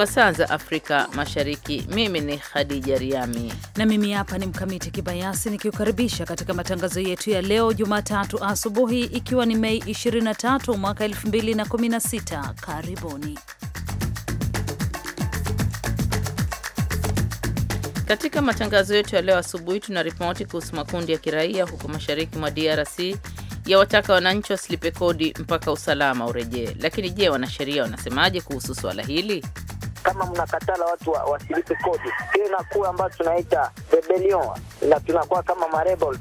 kwa saa za Afrika Mashariki. Mimi ni Khadija Riami na mimi hapa ni Mkamiti Kibayasi nikiukaribisha katika matangazo yetu ya leo Jumatatu asubuhi, ikiwa ni Mei 23 mwaka 2016. Karibuni. Katika matangazo yetu ya leo asubuhi tuna ripoti kuhusu makundi ya kiraia huko mashariki mwa DRC yawataka wananchi wasilipe kodi mpaka usalama urejee. Lakini je, wanasheria wanasemaje kuhusu swala hili? kama mnakatala watu wasilipe wa kodi, hiyo inakuwa ambayo tunaita rebellion na tunakuwa kama marebel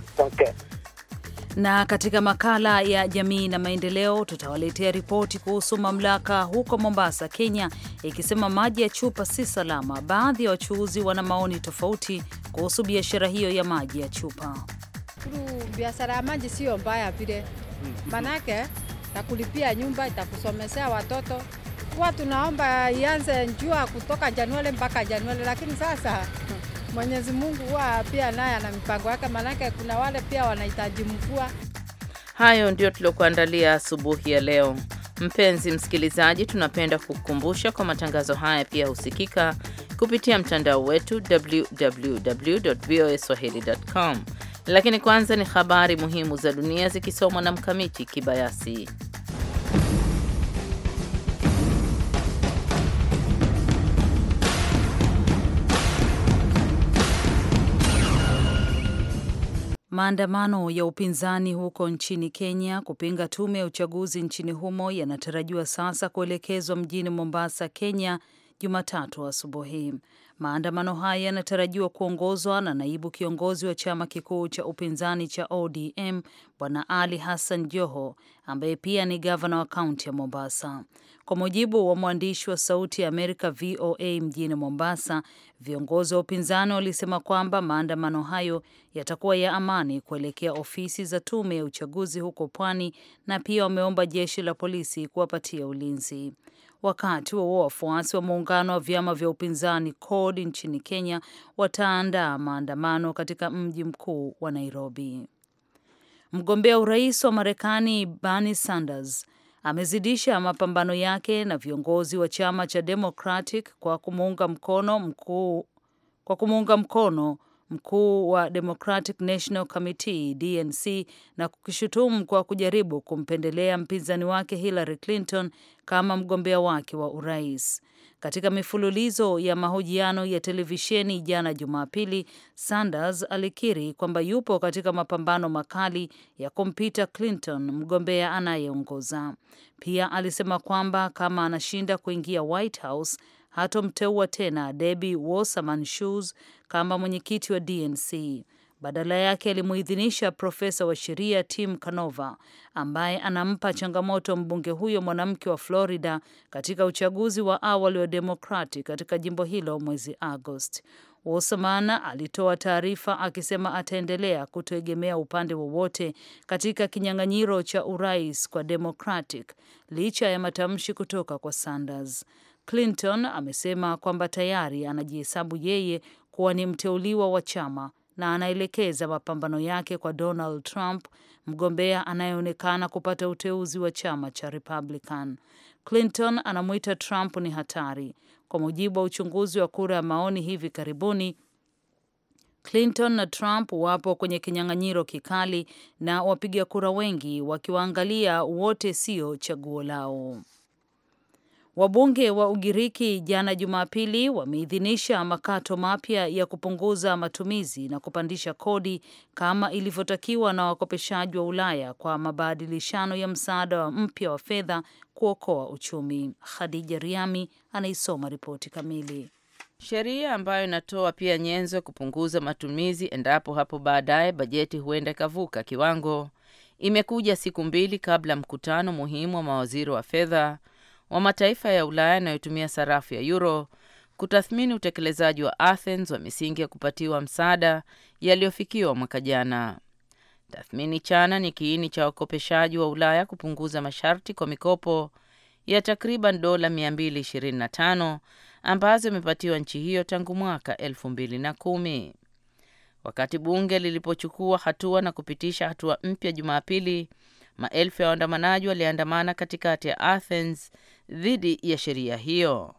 Na katika makala ya jamii na maendeleo tutawaletea ripoti kuhusu mamlaka huko Mombasa, Kenya, ikisema maji ya chupa si salama. Baadhi ya wachuuzi wana maoni tofauti kuhusu biashara hiyo ya maji ya chupa. Biashara ya maji siyo mbaya vile, mm-hmm. manake takulipia nyumba, itakusomesea watoto tulikuwa tunaomba ianze njua kutoka Januari mpaka Januari, lakini sasa Mwenyezi Mungu huwa pia naye ana mipango yake, maanake kuna wale pia wanahitaji mvua. Hayo ndio tuliokuandalia asubuhi ya leo. Mpenzi msikilizaji, tunapenda kukukumbusha kwa matangazo haya pia husikika kupitia mtandao wetu www voa www.voaswahili.com. Lakini kwanza ni habari muhimu za dunia zikisomwa na Mkamiti Kibayasi. Maandamano ya upinzani huko nchini Kenya kupinga tume ya uchaguzi nchini humo yanatarajiwa sasa kuelekezwa mjini Mombasa, Kenya, Jumatatu asubuhi. Maandamano haya yanatarajiwa kuongozwa na naibu kiongozi wa chama kikuu cha upinzani cha ODM Bwana Ali Hassan Joho, ambaye pia ni gavana wa kaunti ya Mombasa. Kwa mujibu wa mwandishi wa Sauti ya Amerika VOA mjini Mombasa, Viongozi wa upinzani walisema kwamba maandamano hayo yatakuwa ya amani kuelekea ofisi za tume ya uchaguzi huko Pwani, na pia wameomba jeshi la polisi kuwapatia ulinzi. Wakati huo wafuasi wa muungano wa vyama vya upinzani CORD nchini Kenya wataandaa maandamano katika mji mkuu wa Nairobi. Mgombea urais wa Marekani Bernie Sanders amezidisha mapambano yake na viongozi wa chama cha Democratic kwa kumuunga mkono mkuu kwa kumuunga mkono mkuu wa Democratic National Committee DNC na kukishutumu kwa kujaribu kumpendelea mpinzani wake Hillary Clinton kama mgombea wake wa urais. Katika mifululizo ya mahojiano ya televisheni jana Jumapili, Sanders alikiri kwamba yupo katika mapambano makali ya kompyuta Clinton, mgombea anayeongoza. Pia alisema kwamba kama anashinda kuingia White House hatomteua tena Debbie Wasserman Schultz kama mwenyekiti wa DNC. Badala yake alimuidhinisha profesa wa sheria Tim Canova ambaye anampa changamoto mbunge huyo mwanamke wa Florida katika uchaguzi wa awali wa Demokrati katika jimbo hilo mwezi Agosti. Wolsamana alitoa taarifa akisema ataendelea kutoegemea upande wowote katika kinyang'anyiro cha urais kwa Democratic licha ya matamshi kutoka kwa Sanders. Clinton amesema kwamba tayari anajihesabu yeye kuwa ni mteuliwa wa chama na anaelekeza mapambano yake kwa Donald Trump, mgombea anayeonekana kupata uteuzi wa chama cha Republican. Clinton anamwita Trump ni hatari. Kwa mujibu wa uchunguzi wa kura ya maoni hivi karibuni, Clinton na Trump wapo kwenye kinyang'anyiro kikali na wapiga kura wengi wakiwaangalia wote sio chaguo lao. Wabunge wa Ugiriki jana Jumapili wameidhinisha makato mapya ya kupunguza matumizi na kupandisha kodi kama ilivyotakiwa na wakopeshaji wa Ulaya kwa mabadilishano ya msaada wa mpya wa fedha kuokoa uchumi. Khadija Riami anaisoma ripoti kamili. Sheria ambayo inatoa pia nyenzo ya kupunguza matumizi endapo hapo baadaye bajeti huenda ikavuka kiwango imekuja siku mbili kabla mkutano muhimu wa mawaziri wa fedha wa mataifa ya Ulaya yanayotumia sarafu ya euro kutathmini utekelezaji wa Athens wa misingi ya kupatiwa msaada yaliyofikiwa mwaka jana. Tathmini chana ni kiini cha wakopeshaji wa Ulaya kupunguza masharti kwa mikopo ya takriban dola 225 ambazo imepatiwa nchi hiyo tangu mwaka 2010 wakati bunge lilipochukua hatua na kupitisha hatua mpya Jumapili Maelfu ya waandamanaji waliandamana katikati ya Athens dhidi ya sheria hiyo.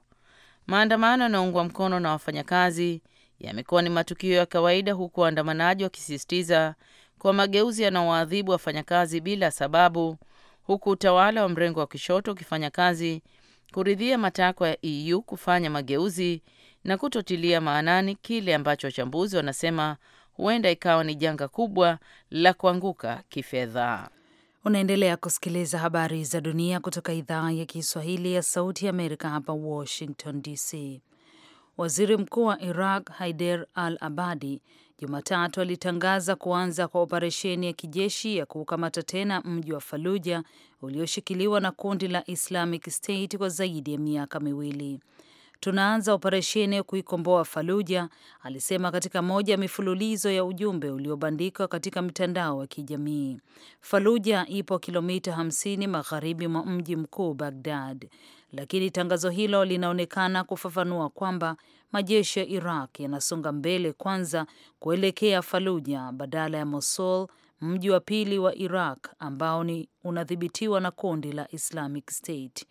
Maandamano yanaungwa mkono na wafanyakazi yamekuwa ni matukio ya kawaida, huku waandamanaji wakisisitiza kwa mageuzi yanaowaadhibu wafanyakazi bila sababu, huku utawala wa mrengo wa kishoto ukifanya kazi kuridhia matakwa ya EU kufanya mageuzi na kutotilia maanani kile ambacho wachambuzi wanasema huenda ikawa ni janga kubwa la kuanguka kifedha. Unaendelea kusikiliza habari za dunia kutoka idhaa ya Kiswahili ya Sauti ya Amerika hapa Washington DC. Waziri Mkuu wa Iraq Haider al-Abadi Jumatatu alitangaza kuanza kwa operesheni ya kijeshi ya kuukamata tena mji wa Faluja ulioshikiliwa na kundi la Islamic State kwa zaidi ya miaka miwili tunaanza operesheni ya kuikomboa Faluja, alisema katika moja ya mifululizo ya ujumbe uliobandikwa katika mitandao wa kijamii. Faluja ipo kilomita 50 magharibi mwa mji mkuu Bagdad, lakini tangazo hilo linaonekana kufafanua kwamba majeshi ya Iraq yanasonga mbele kwanza kuelekea Faluja badala ya Mosul, mji wa pili wa Iraq ambao ni unadhibitiwa na kundi la Islamic State.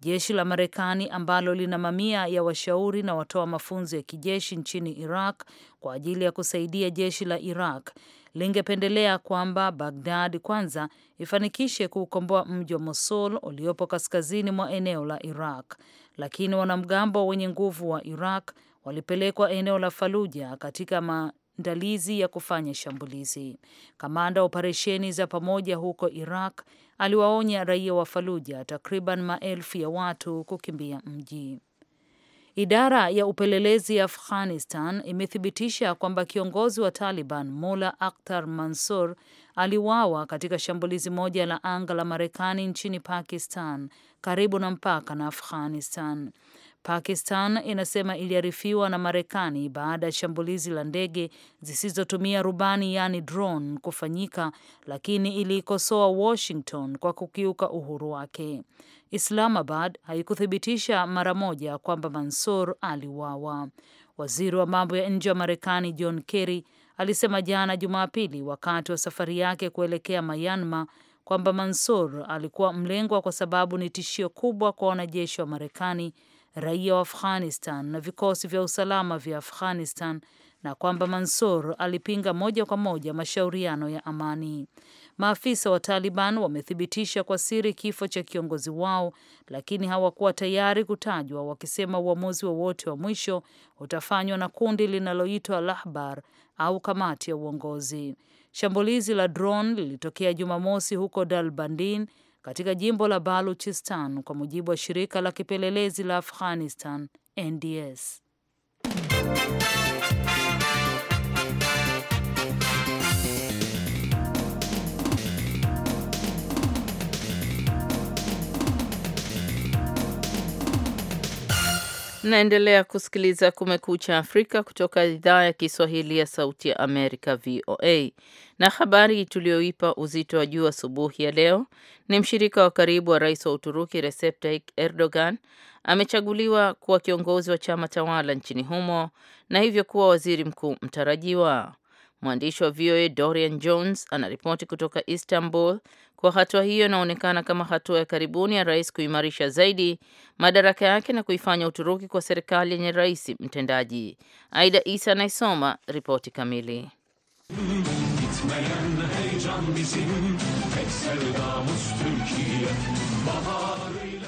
Jeshi la Marekani ambalo lina mamia ya washauri na watoa mafunzo ya kijeshi nchini Iraq kwa ajili ya kusaidia jeshi la Iraq lingependelea kwamba Bagdad kwanza ifanikishe kuukomboa mji wa Mosul uliopo kaskazini mwa eneo la Iraq, lakini wanamgambo wenye nguvu wa Iraq walipelekwa eneo la Faluja katika maandalizi ya kufanya shambulizi. Kamanda wa operesheni za pamoja huko Iraq aliwaonya raia wa Faluja takriban maelfu ya watu kukimbia mji. Idara ya upelelezi ya Afghanistan imethibitisha kwamba kiongozi wa Taliban Mula Akhtar Mansur aliwawa katika shambulizi moja la anga la Marekani nchini Pakistan, karibu na mpaka na Afghanistan. Pakistan inasema iliarifiwa na Marekani baada ya shambulizi la ndege zisizotumia rubani yaani drone kufanyika, lakini iliikosoa Washington kwa kukiuka uhuru wake. Islamabad haikuthibitisha mara moja kwamba Mansur aliuawa. Waziri wa mambo ya nje wa Marekani John Kerry alisema jana Jumapili wakati wa safari yake kuelekea Myanmar kwamba Mansur alikuwa mlengwa kwa sababu ni tishio kubwa kwa wanajeshi wa Marekani raia wa Afghanistan na vikosi vya usalama vya Afghanistan na kwamba Mansur alipinga moja kwa moja mashauriano ya amani. Maafisa wa Taliban wamethibitisha kwa siri kifo cha kiongozi wao, lakini hawakuwa tayari kutajwa, wakisema uamuzi wowote wa, wa mwisho utafanywa na kundi linaloitwa Lahbar au kamati ya uongozi. Shambulizi la drone lilitokea Jumamosi huko Dalbandin katika jimbo la Baluchistan, kwa mujibu wa shirika la kipelelezi la Afghanistan NDS. Naendelea kusikiliza Kumekucha Afrika kutoka idhaa ya Kiswahili ya Sauti ya Amerika, VOA. Na habari tuliyoipa uzito wa juu asubuhi ya leo ni mshirika wa karibu wa rais wa Uturuki Recep Tayyip Erdogan amechaguliwa kuwa kiongozi wa chama tawala nchini humo na hivyo kuwa waziri mkuu mtarajiwa. Mwandishi wa VOA Dorian Jones anaripoti kutoka Istanbul kuwa hatua hiyo inaonekana kama hatua ya karibuni ya rais kuimarisha zaidi madaraka yake na kuifanya Uturuki kwa serikali yenye rais mtendaji. Aida Isa anayesoma ripoti kamili.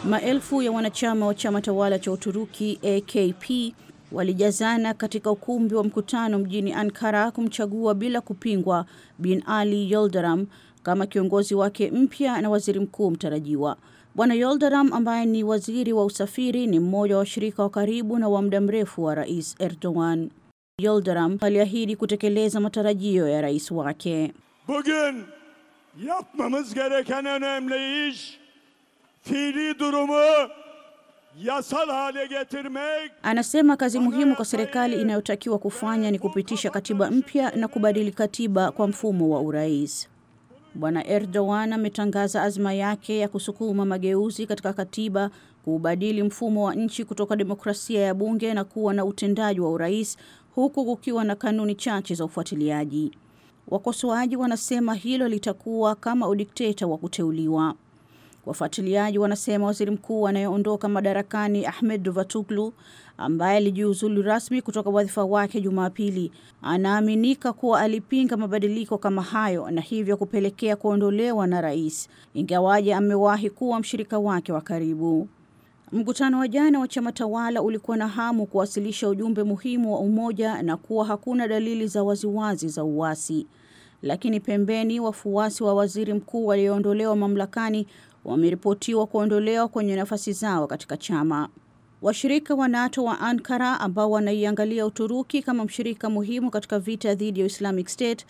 Maelfu ya wanachama wa chama tawala cha Uturuki AKP walijazana katika ukumbi wa mkutano mjini Ankara kumchagua bila kupingwa Bin Ali Yoldaram kama kiongozi wake mpya na waziri mkuu mtarajiwa. Bwana yoldaram ambaye ni waziri wa usafiri ni mmoja wa washirika wa karibu na wa muda mrefu wa Rais Erdogan. Yoldaram aliahidi kutekeleza matarajio ya rais wake. Bugün yapmamız gereken önemli iş fiili durumu yasal hale getirmek. Anasema kazi muhimu kwa serikali inayotakiwa kufanya ni kupitisha katiba mpya na kubadili katiba kwa mfumo wa urais. Bwana Erdogan ametangaza azma yake ya kusukuma mageuzi katika katiba, kuubadili mfumo wa nchi kutoka demokrasia ya bunge na kuwa na utendaji wa urais, huku kukiwa na kanuni chache za ufuatiliaji. Wakosoaji wanasema hilo litakuwa kama udikteta wa kuteuliwa. Wafuatiliaji wanasema waziri mkuu anayeondoka madarakani Ahmed Davutoglu, ambaye alijiuzulu rasmi kutoka wadhifa wake Jumapili, anaaminika kuwa alipinga mabadiliko kama hayo na hivyo kupelekea kuondolewa na rais, ingawaje amewahi kuwa mshirika wake wa karibu. Mkutano wa jana wa chama tawala ulikuwa na hamu kuwasilisha ujumbe muhimu wa umoja na kuwa hakuna dalili za waziwazi za uasi. Lakini pembeni, wafuasi wa waziri mkuu walioondolewa mamlakani wameripotiwa kuondolewa kwenye nafasi zao katika chama. Washirika wa NATO wa Ankara ambao wanaiangalia Uturuki kama mshirika muhimu katika vita dhidi ya Islamic State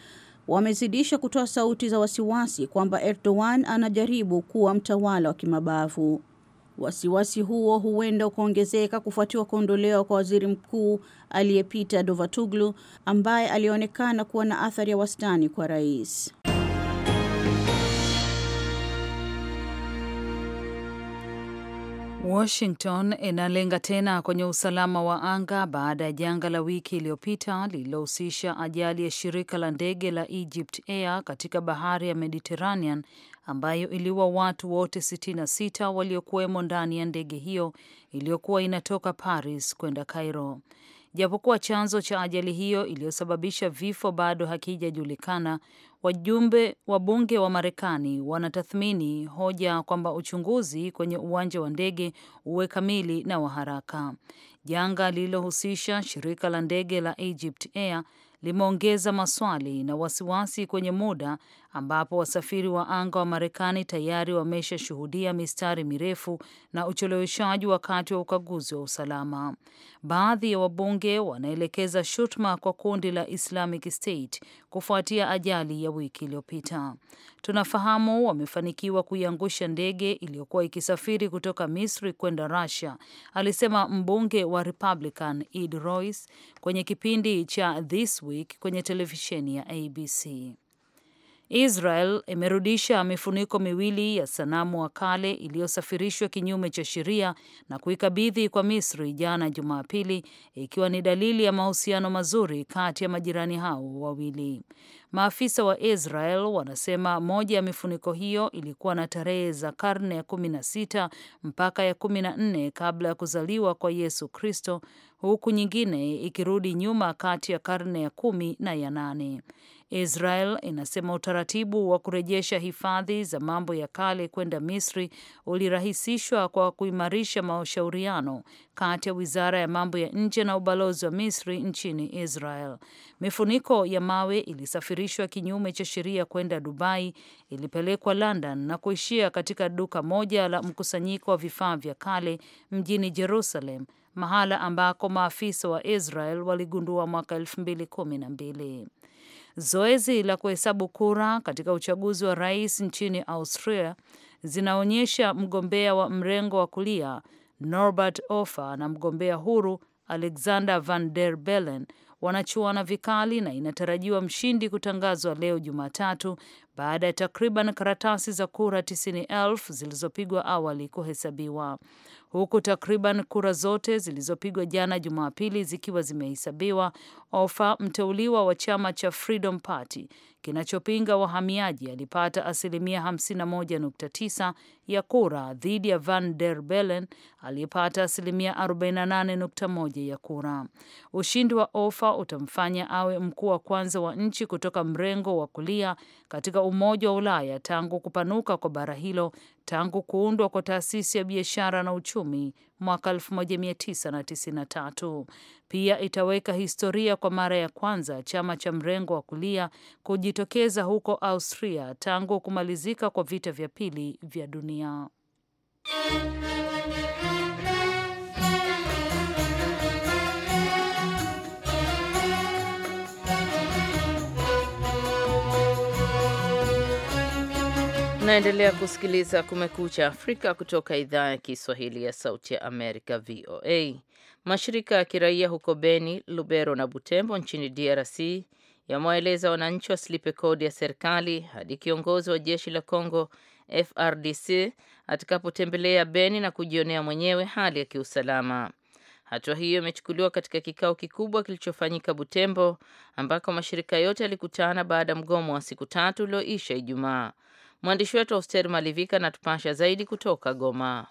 wamezidisha kutoa sauti za wasiwasi kwamba Erdogan anajaribu kuwa mtawala wa kimabavu. Wasiwasi huo huenda ukaongezeka kufuatiwa kuondolewa kwa waziri mkuu aliyepita Davutoglu ambaye alionekana kuwa na athari ya wastani kwa rais. Washington inalenga tena kwenye usalama wa anga baada ya janga la wiki iliyopita lililohusisha ajali ya shirika la ndege la Egypt Air katika bahari ya Mediterranean ambayo iliua watu wote 66 waliokuwemo ndani ya ndege hiyo iliyokuwa inatoka Paris kwenda Cairo. Japokuwa chanzo cha ajali hiyo iliyosababisha vifo bado hakijajulikana, wajumbe wa bunge wa Marekani wanatathmini hoja kwamba uchunguzi kwenye uwanja wa ndege uwe kamili na wa haraka. Janga lililohusisha shirika la ndege la Egypt Air limeongeza maswali na wasiwasi kwenye muda ambapo wasafiri wa anga wa Marekani tayari wameshashuhudia mistari mirefu na ucheleweshaji wakati wa ukaguzi wa usalama. Baadhi ya wabunge wanaelekeza shutuma kwa kundi la Islamic State kufuatia ajali ya wiki iliyopita. Tunafahamu wamefanikiwa kuiangusha ndege iliyokuwa ikisafiri kutoka Misri kwenda Russia, alisema mbunge wa Republican Ed Royce kwenye kipindi cha This Week kwenye televisheni ya ABC. Israel imerudisha mifuniko miwili ya sanamu wa kale iliyosafirishwa kinyume cha sheria na kuikabidhi kwa Misri jana Jumapili, ikiwa ni dalili ya mahusiano mazuri kati ya majirani hao wawili. Maafisa wa Israel wanasema moja ya mifuniko hiyo ilikuwa na tarehe za karne ya kumi na sita mpaka ya kumi na nne kabla ya kuzaliwa kwa Yesu Kristo, huku nyingine ikirudi nyuma kati ya karne ya kumi na ya nane. Israel inasema utaratibu wa kurejesha hifadhi za mambo ya kale kwenda Misri ulirahisishwa kwa kuimarisha mashauriano kati ya Wizara ya Mambo ya Nje na ubalozi wa Misri nchini Israel. Mifuniko ya mawe ilisafiri kusafirishwa kinyume cha sheria kwenda Dubai ilipelekwa London na kuishia katika duka moja la mkusanyiko wa vifaa vya kale mjini Jerusalem, mahala ambako maafisa wa Israel waligundua mwaka 2012. Zoezi la kuhesabu kura katika uchaguzi wa rais nchini Austria zinaonyesha mgombea wa mrengo wa kulia Norbert ofer na mgombea huru Alexander Van der Bellen wanachuana vikali na inatarajiwa mshindi kutangazwa leo Jumatatu baada ya takriban karatasi za kura tisini elfu zilizopigwa awali kuhesabiwa huku takriban kura zote zilizopigwa jana Jumapili zikiwa zimehesabiwa. Ofa, mteuliwa wa chama cha Freedom Party kinachopinga wahamiaji alipata asilimia 51.9 ya kura dhidi ya Van der Bellen aliyepata asilimia 48.1 ya kura. Ushindi wa Ofa utamfanya awe mkuu wa kwanza wa nchi kutoka mrengo wa kulia katika Umoja wa Ulaya tangu kupanuka kwa bara hilo tangu kuundwa kwa taasisi ya biashara na uchumi mwaka 1993. Pia itaweka historia kwa mara ya kwanza chama cha mrengo wa kulia kujitokeza huko Austria tangu kumalizika kwa vita vya pili vya dunia. Unaendelea kusikiliza Kumekucha Afrika kutoka idhaa ya Kiswahili ya Sauti ya Amerika, VOA. Mashirika ya kiraia huko Beni, Lubero na Butembo nchini DRC yamewaeleza wananchi wasilipe kodi ya serikali hadi kiongozi wa jeshi la Congo FRDC atakapotembelea Beni na kujionea mwenyewe hali ya kiusalama. Hatua hiyo imechukuliwa katika kikao kikubwa kilichofanyika Butembo ambako mashirika yote yalikutana baada ya mgomo wa siku tatu ulioisha Ijumaa. Mwandishi wetu Auster Malivika anatupasha zaidi kutoka Goma.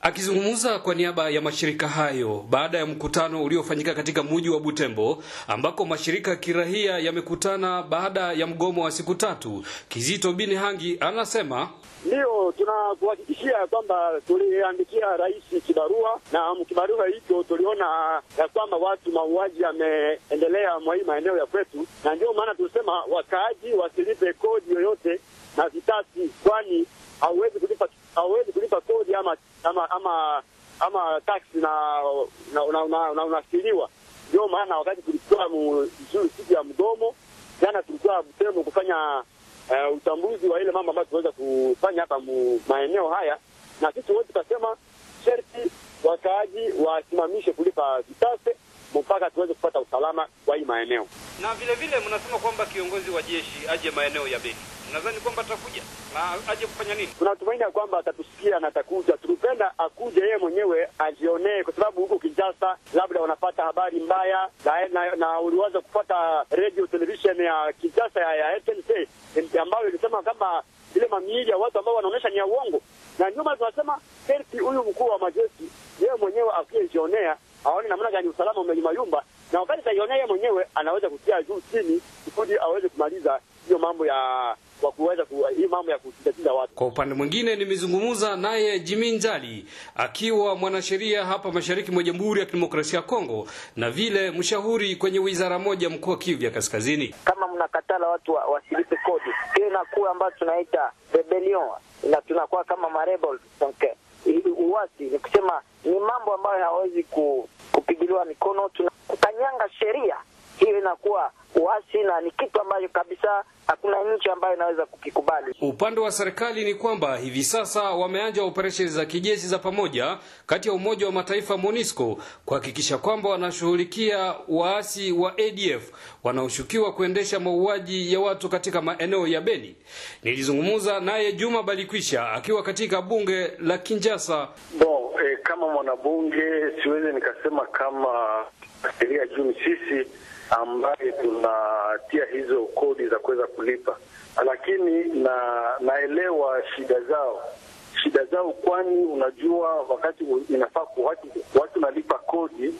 Akizungumza kwa niaba ya mashirika hayo baada ya mkutano uliofanyika katika mji wa Butembo ambako mashirika ya kirahia yamekutana baada ya mgomo wa siku tatu, Kizito Bini Hangi anasema ndiyo tunakuhakikishia kwamba tuliandikia rais kibarua, na mkibarua hicho tuliona ya kwamba watu mauaji yameendelea mwa hii maeneo ya kwetu, na ndio maana tulisema wakaaji wasilipe kodi yoyote na vitasi, kwani hauwezi kulipa hauwezi kulipa kodi ama ama ama ama taksi na unasiliwa. Ndio maana wakati tulikuwa mzuri siku ya mdomo jana, tulikuwa Butembo kufanya uh, utambuzi wa ile mambo ambayo tunaweza kufanya hapa maeneo haya, na sisi wote tukasema sherti wakaaji wasimamishe kulipa vitase mpaka tuweze kupata usalama kwa hii maeneo. Na vile vile mnasema kwamba kiongozi wa jeshi aje maeneo ya Beni, nadhani kwamba atakuja na aje kufanya nini? Tunatumaini ya kwamba atatusikia na atakuja. Tulipenda akuje yeye mwenyewe ajionee, kwa sababu huko Kinshasa labda wanapata habari mbaya na, na, na uliweza kupata radio television ya Kinshasa ya, ya SNC ambayo ilisema kama ile mamiili ya watu ambao wanaonyesha ni ya uongo, na nyuma tunasema huyu mkuu wa majeshi yeye mwenyewe akijionea aone namna gani usalama umeyumayumba, na wakati ataionea yeye mwenyewe anaweza kutia juu chini, kusudi aweze kumaliza hiyo mambo ya kwa kuweza ku, hii mambo ya kutatiza watu. Kwa upande mwingine, nimezungumza naye Jimi Njali akiwa mwanasheria hapa mashariki mwa Jamhuri ya Kidemokrasia ya Kongo na vile mshauri kwenye wizara moja mkuu wa Kivu ya Kaskazini. Kama mnakatala watu wasilipe wa kodi, hiyo inakuwa ambayo tunaita rebellion na tunakuwa kama marebel okay uwasi, ni kusema ni mambo ambayo hawezi kupigiliwa mikono, Tunakanyanga sheria hivi inakuwa uasi na ni kitu ambacho kabisa hakuna nchi ambayo inaweza kukikubali. Upande wa serikali ni kwamba hivi sasa wameanza operesheni za kijeshi za pamoja kati ya Umoja wa Mataifa MONUSCO kuhakikisha kwamba wanashughulikia waasi wa ADF wanaoshukiwa kuendesha mauaji ya watu katika maeneo ya Beni. Nilizungumza naye Juma Balikwisha akiwa katika bunge la Kinjasa. Bo, eh, kama mwanabunge siwezi nikasema kama sheria juu sisi ambaye tunatia hizo kodi za kuweza kulipa, lakini na naelewa shida zao shida zao, kwani unajua wakati inafaa watu, watu nalipa kodi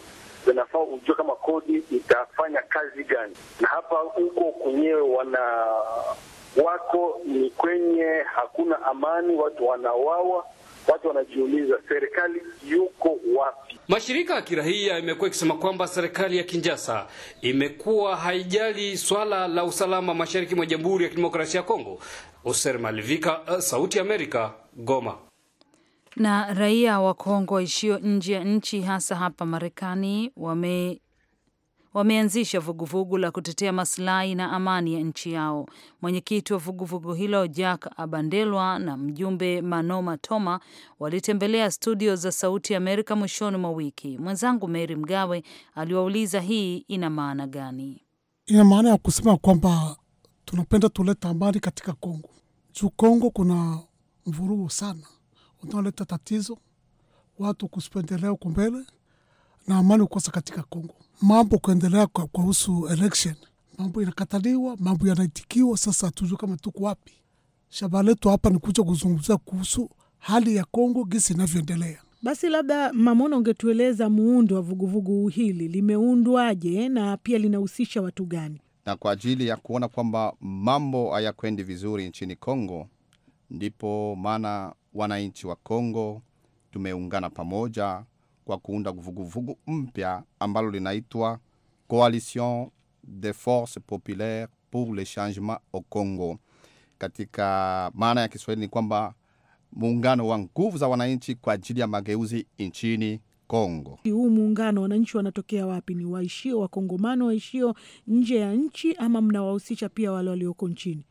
zinafaa ujue kama kodi itafanya kazi gani, na hapa huko kwenyewe wana wako ni kwenye hakuna amani, watu wanawawa watu wanajiuliza serikali yuko wapi? Mashirika ya kiraia imekuwa ikisema kwamba serikali ya kinjasa imekuwa haijali swala la usalama mashariki mwa Jamhuri ya Kidemokrasia ya Kongo. Oser Malivika, Sauti ya Amerika, Goma na raia wa Kongo waishio nje ya nchi hasa hapa Marekani wame wameanzisha vuguvugu la kutetea masilahi na amani ya nchi yao. Mwenyekiti wa vuguvugu hilo Jack Abandelwa na mjumbe Manoma Toma walitembelea studio za Sauti ya Amerika mwishoni mwa wiki. Mwenzangu Mary Mgawe aliwauliza hii ina maana gani? Ina maana ya kusema kwamba tunapenda tuleta amani katika Kongo juu Kongo kuna mvurugu sana unaoleta tatizo watu kusipendelea huko mbele na amani ukosa katika Kongo mambo kuendelea kwa kuhusu election, mambo inakataliwa, mambo yanaitikiwa. Sasa hatujui kama tuko wapi. Shabaha letu hapa ni kuja kuzungumzia kuhusu hali ya Kongo gisi inavyoendelea. Basi labda Mamona, ungetueleza muundo wa vuguvugu hili, limeundwaje na pia linahusisha watu gani? Na kwa ajili ya kuona kwamba mambo hayakwendi vizuri nchini Kongo, ndipo maana wananchi wa Kongo tumeungana pamoja kwa kuunda vuguvugu mpya ambalo linaitwa Coalition des Forces Populaires pour le Changement au Congo. Katika maana ya Kiswahili ni kwamba muungano wa nguvu za wananchi kwa ajili ya mageuzi nchini Kongo. Huu muungano wananchi wanatokea wapi? Ni waishio wakongomano waishio nje ya nchi, ama mnawahusisha pia wale walioko nchini?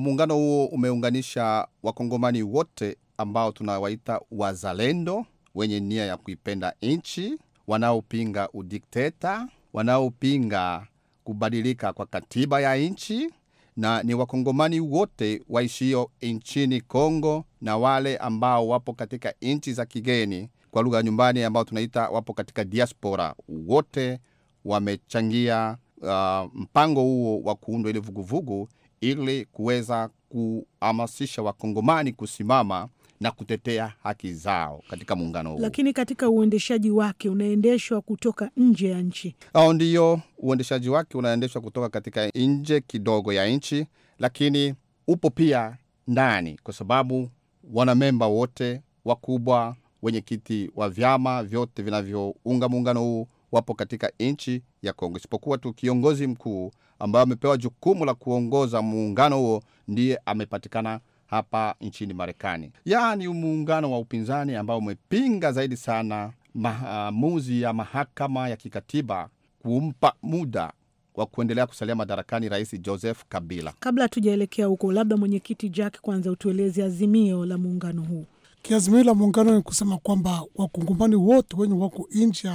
muungano huo umeunganisha wakongomani wote ambao tunawaita wazalendo wenye nia ya kuipenda nchi, wanaopinga udikteta, wanaopinga kubadilika kwa katiba ya nchi na ni wakongomani wote waishio nchini Kongo na wale ambao wapo katika nchi za kigeni, kwa lugha ya nyumbani ambao tunaita wapo katika diaspora, wote wamechangia uh, mpango huo wa kuundwa ile vuguvugu ili kuweza kuhamasisha wakongomani kusimama na kutetea haki zao katika muungano huu. Lakini katika uendeshaji wake unaendeshwa kutoka nje ya nchi au oh, ndiyo, uendeshaji wake unaendeshwa kutoka katika nje kidogo ya nchi, lakini upo pia ndani, kwa sababu wanamemba wote wakubwa, wenyekiti wa vyama vyote vinavyounga muungano huu wapo katika nchi ya Kongo, isipokuwa tu kiongozi mkuu ambaye amepewa jukumu la kuongoza muungano huo ndiye amepatikana hapa nchini Marekani. Yaani muungano wa upinzani ambao umepinga zaidi sana maamuzi ya mahakama ya kikatiba kumpa muda wa kuendelea kusalia madarakani Rais Joseph Kabila. Kabla hatujaelekea huko, labda mwenyekiti Jack, kwanza utueleze azimio la muungano huu. Kiazimio la muungano ni kusema kwamba wakungumani wote wenye wako nje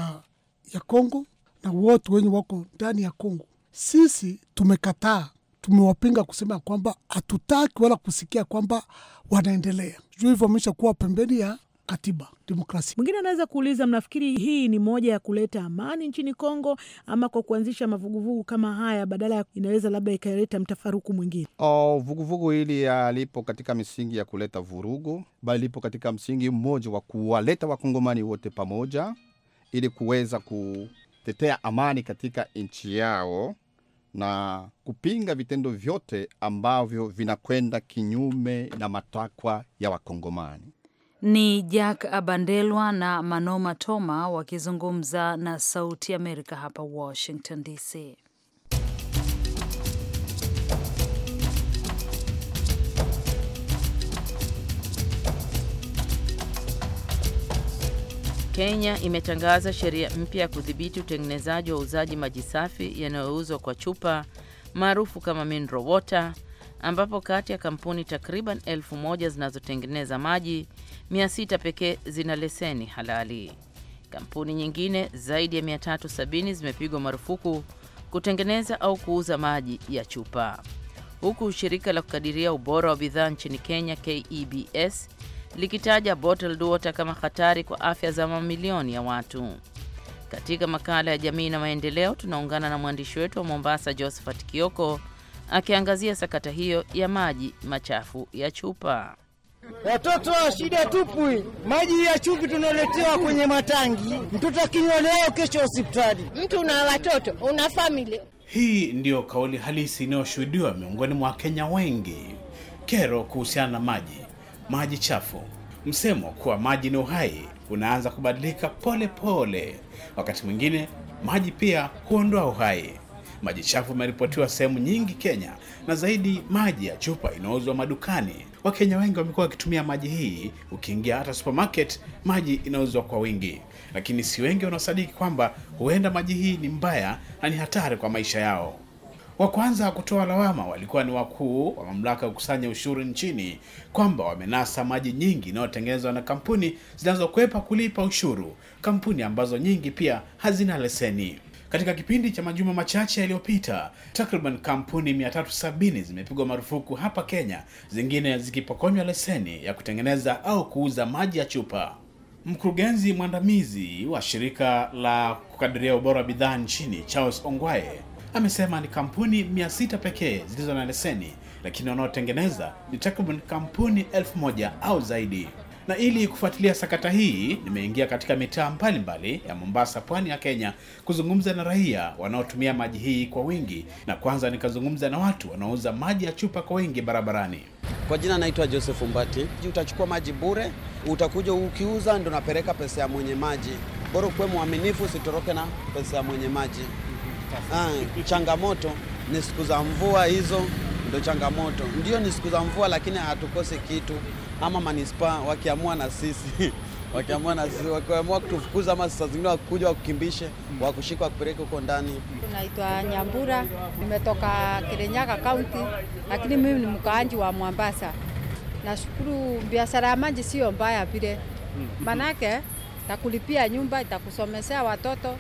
ya Kongo na wote wenye wako ndani ya Kongo, sisi tumekataa tumewapinga kusema kwamba hatutaki wala kusikia kwamba wanaendelea juu hivyo amesha kuwa pembeni ya katiba demokrasia. Mwingine anaweza kuuliza, mnafikiri hii ni moja ya kuleta amani nchini Kongo ama kwa kuanzisha mavuguvugu kama haya badala ya inaweza labda ikaleta mtafaruku mwingine? Oh, vuguvugu hili alipo katika misingi ya kuleta vurugu, bali lipo katika msingi mmoja wa kuwaleta wakongomani wote pamoja ili kuweza kutetea amani katika nchi yao na kupinga vitendo vyote ambavyo vinakwenda kinyume na matakwa ya Wakongomani. Ni Jack Abandelwa na Manoma Toma wakizungumza na Sauti Amerika hapa Washington DC. Kenya imetangaza sheria mpya ya kudhibiti utengenezaji wa uuzaji maji safi yanayouzwa kwa chupa maarufu kama mineral water, ambapo kati ya kampuni takriban elfu moja zinazotengeneza maji mia sita pekee zina leseni halali. Kampuni nyingine zaidi ya 370 zimepigwa marufuku kutengeneza au kuuza maji ya chupa, huku shirika la kukadiria ubora wa bidhaa nchini Kenya KEBS likitaja bottled water kama hatari kwa afya za mamilioni ya watu. Katika makala ya jamii na maendeleo, tunaungana na mwandishi wetu wa Mombasa Josephat Kioko akiangazia sakata hiyo ya maji machafu ya chupa. Watoto wa shida tupu, maji ya chupi tunaletewa kwenye matangi, mtoto akinywa leo, kesho hospitali. Mtu una watoto, una famili. Hii ndiyo kauli halisi inayoshuhudiwa miongoni mwa Wakenya wengi, kero kuhusiana na maji maji chafu. Msemo kuwa maji ni uhai unaanza kubadilika pole pole. Wakati mwingine maji pia huondoa uhai. Maji chafu yameripotiwa sehemu nyingi Kenya, na zaidi maji ya chupa inauzwa madukani. Wakenya wengi wamekuwa wakitumia maji hii. Ukiingia hata supermarket, maji inauzwa kwa wingi, lakini si wengi wanaosadiki kwamba huenda maji hii ni mbaya na ni hatari kwa maisha yao. Wa kwanza kutoa lawama walikuwa ni wakuu wa mamlaka ya kukusanya ushuru nchini kwamba wamenasa maji nyingi inayotengenezwa na kampuni zinazokwepa kulipa ushuru, kampuni ambazo nyingi pia hazina leseni. Katika kipindi cha majuma machache yaliyopita, takriban kampuni 370 zimepigwa marufuku hapa Kenya, zingine zikipokonywa leseni ya kutengeneza au kuuza maji ya chupa. Mkurugenzi mwandamizi wa shirika la kukadiria ubora wa bidhaa nchini Charles Ongwae amesema ni kampuni 600 pekee zilizo na leseni, lakini wanaotengeneza ni takriban kampuni 1000 au zaidi. Na ili kufuatilia sakata hii, nimeingia katika mitaa mbalimbali ya Mombasa, pwani ya Kenya, kuzungumza na raia wanaotumia maji hii kwa wingi, na kwanza nikazungumza na watu wanaouza maji ya chupa kwa wingi barabarani. Kwa jina naitwa Joseph Mbati. Utachukua maji bure, utakuja ukiuza, ndo napeleka pesa ya mwenye maji. Bora kuwe mwaminifu, usitoroke na pesa ya mwenye maji. Ah, changamoto ni siku za mvua hizo ndo changamoto. Ndio ni siku za mvua, lakini hatukose kitu, ama manispaa wakiamua na sisi wakiamua na sisi wakiamua kutufukuza, ama saa zingine wakuja wakukimbishe, wakushika wakupeleke huko ndani. Naitwa Nyambura, nimetoka Kirinyaga kaunti lakini mimi ni mkaanji wa Mwambasa. Nashukuru biashara ya maji sio mbaya vile, mm. manake takulipia nyumba, itakusomesea watoto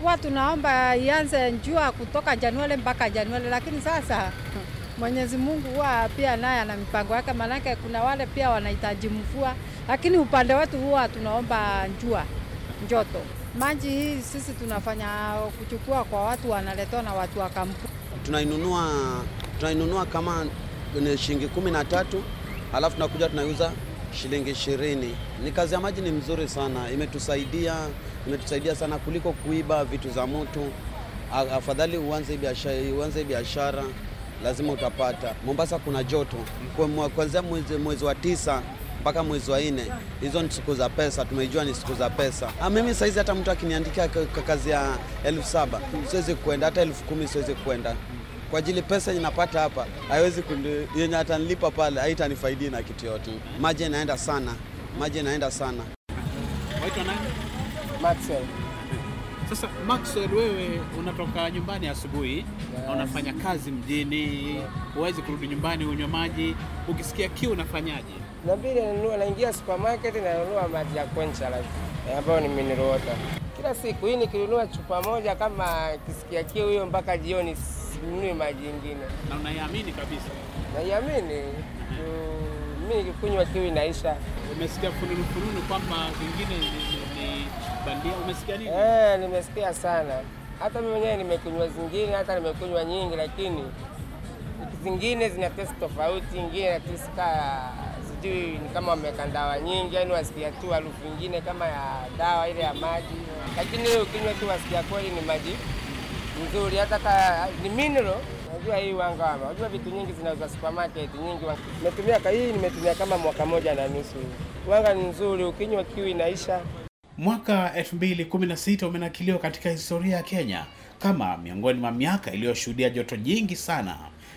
tulikuwa tunaomba ianze njua kutoka Januari mpaka Januari, lakini sasa Mwenyezi Mungu huwa pia naye ana mipango yake, maanake kuna wale pia wanahitaji mvua, lakini upande wetu huwa tunaomba njua njoto. Maji hii sisi tunafanya kuchukua kwa watu wanaletwa na watu wa kampuni, tunainunua tunainunua kama shilingi kumi na tatu, halafu tunakuja tunaiuza shilingi ishirini. Ni kazi ya maji, ni mzuri sana, imetusaidia imetusaidia sana kuliko kuiba vitu za mtu. Afadhali uanze biashara, uanze biashara lazima utapata. Mombasa kuna joto kuanzia mwezi, mwezi wa tisa mpaka mwezi wa nne. Hizo ni siku za pesa, tumejua ni siku za pesa. Ha, mimi saizi hata mtu akiniandikia kazi ya elfu saba siwezi kuenda hata elfu kumi siwezi kwenda kwa ajili pesa ninapata hapa haiwezi yenye atanilipa pale haitanifaidi na kitu yote. Maji inaenda sana, maji inaenda sana. Waitwa nani? Maxwell. Sasa Maxwell, wewe unatoka nyumbani asubuhi yes. Unafanya kazi mjini, huwezi kurudi nyumbani unywa maji, ukisikia kiu unafanyaje? Na mbili nanunua, naingia supermarket na nanunua maji ya kwencha lazima, eh, ambayo ni mineral water kila siku. Hii nikinunua chupa moja, kama kisikia kiu hiyo mpaka jioni ninunue maji ingine. Na unaiamini kabisa? Naiamini. Mimi kunywa kiu inaisha. Umesikia fununu fununu kwamba vingine ni bandia, umesikia nini? Eh, nimesikia sana. Hata mimi mwenyewe nimekunywa zingine, hata nimekunywa nyingi, lakini zingine zina test tofauti, ingine ina sijui ni kama wameweka dawa nyingi, yani wasikia tu harufu ingine kama ya dawa ile ya maji, lakini ukinywa tu wasikia kweli ni maji nzuri, hata ka ni mineral. Unajua hii wangama, unajua vitu nyingi zinauzwa supermarket nyingi. Nimetumia hii, nimetumia kama mwaka moja na nusu. Wanga ni nzuri, ukinywa kiu inaisha. Mwaka 2016 umenakiliwa katika historia ya Kenya kama miongoni mwa miaka iliyoshuhudia joto jingi sana.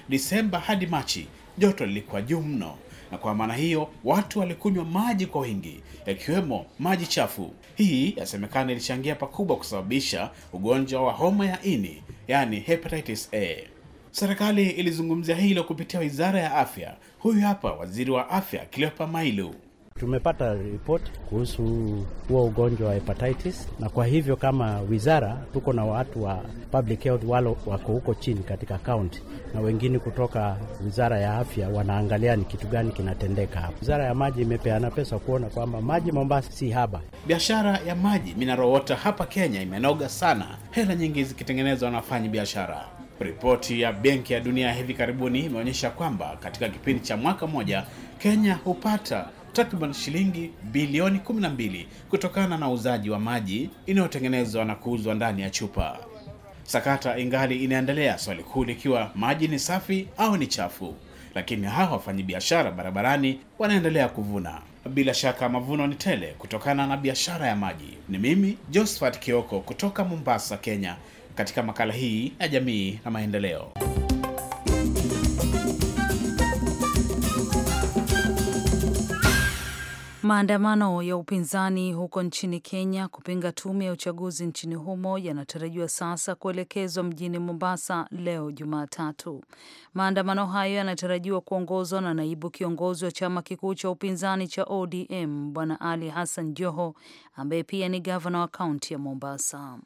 Disemba hadi Machi joto lilikuwa juu mno, na kwa maana hiyo watu walikunywa maji kwa wingi, yakiwemo maji chafu hii yasemekana ilichangia pakubwa kusababisha ugonjwa wa homa ya ini, yaani hepatitis A. Serikali ilizungumzia hilo kupitia Wizara ya Afya. Huyu hapa Waziri wa Afya Cleopa Mailu. Tumepata ripoti kuhusu huo ugonjwa wa hepatitis, na kwa hivyo kama wizara tuko na watu wa public health walo wako huko chini katika kaunti, na wengine kutoka wizara ya afya wanaangalia ni kitu gani kinatendeka hapa. Wizara ya maji imepeana pesa kuona kwamba maji Mombasa si haba. Biashara ya maji minarowota hapa Kenya imenoga sana, hela nyingi zikitengenezwa na wafanyi biashara. Ripoti ya Benki ya Dunia hivi karibuni imeonyesha kwamba katika kipindi cha mwaka mmoja Kenya hupata takriban shilingi bilioni 12 kutokana na uuzaji wa maji inayotengenezwa na kuuzwa ndani ya chupa. Sakata ingali inaendelea, swali kuu likiwa maji ni safi au ni chafu. Lakini hawa wafanyabiashara barabarani wanaendelea kuvuna. Bila shaka mavuno ni tele kutokana na biashara ya maji. Ni mimi Josephat Kioko kutoka Mombasa, Kenya, katika makala hii ya jamii na maendeleo. Maandamano ya upinzani huko nchini Kenya kupinga tume ya uchaguzi nchini humo yanatarajiwa sasa kuelekezwa mjini Mombasa leo Jumatatu. Maandamano hayo yanatarajiwa kuongozwa na naibu kiongozi wa chama kikuu cha upinzani cha ODM Bwana Ali Hassan Joho, ambaye pia ni gavana wa kaunti ya Mombasa.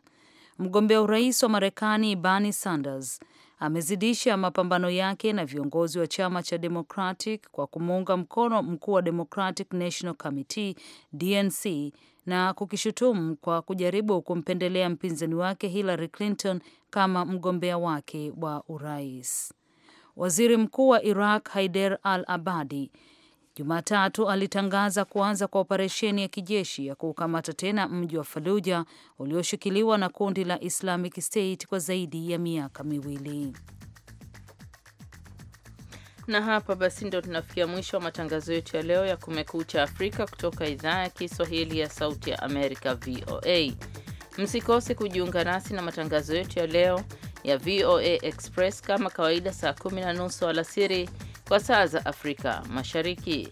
Mgombea urais wa Marekani Bernie Sanders amezidisha mapambano yake na viongozi wa chama cha Democratic kwa kumuunga mkono mkuu wa Democratic National Committee DNC na kukishutumu kwa kujaribu kumpendelea mpinzani wake Hillary Clinton kama mgombea wake wa urais. Waziri Mkuu wa Iraq Haider al-Abadi Jumatatu alitangaza kuanza kwa operesheni ya kijeshi ya kuukamata tena mji wa Faluja ulioshikiliwa na kundi la Islamic State kwa zaidi ya miaka miwili. Na hapa basi ndo tunafikia mwisho wa matangazo yetu ya leo ya Kumekucha Afrika kutoka idhaa ya Kiswahili ya Sauti ya Amerika, VOA. Msikose kujiunga nasi na matangazo yetu ya leo ya VOA Express kama kawaida, saa kumi na nusu alasiri kwa saa za Afrika Mashariki.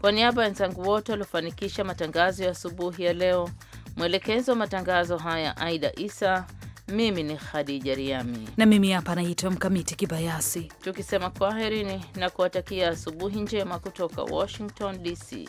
Kwa niaba ya wenzangu wote waliofanikisha matangazo ya asubuhi ya leo, mwelekezi wa matangazo haya Aida Isa, mimi ni Khadija Riami na mimi hapa naitwa Mkamiti Kibayasi, tukisema kwaherini na kuwatakia asubuhi njema kutoka Washington DC.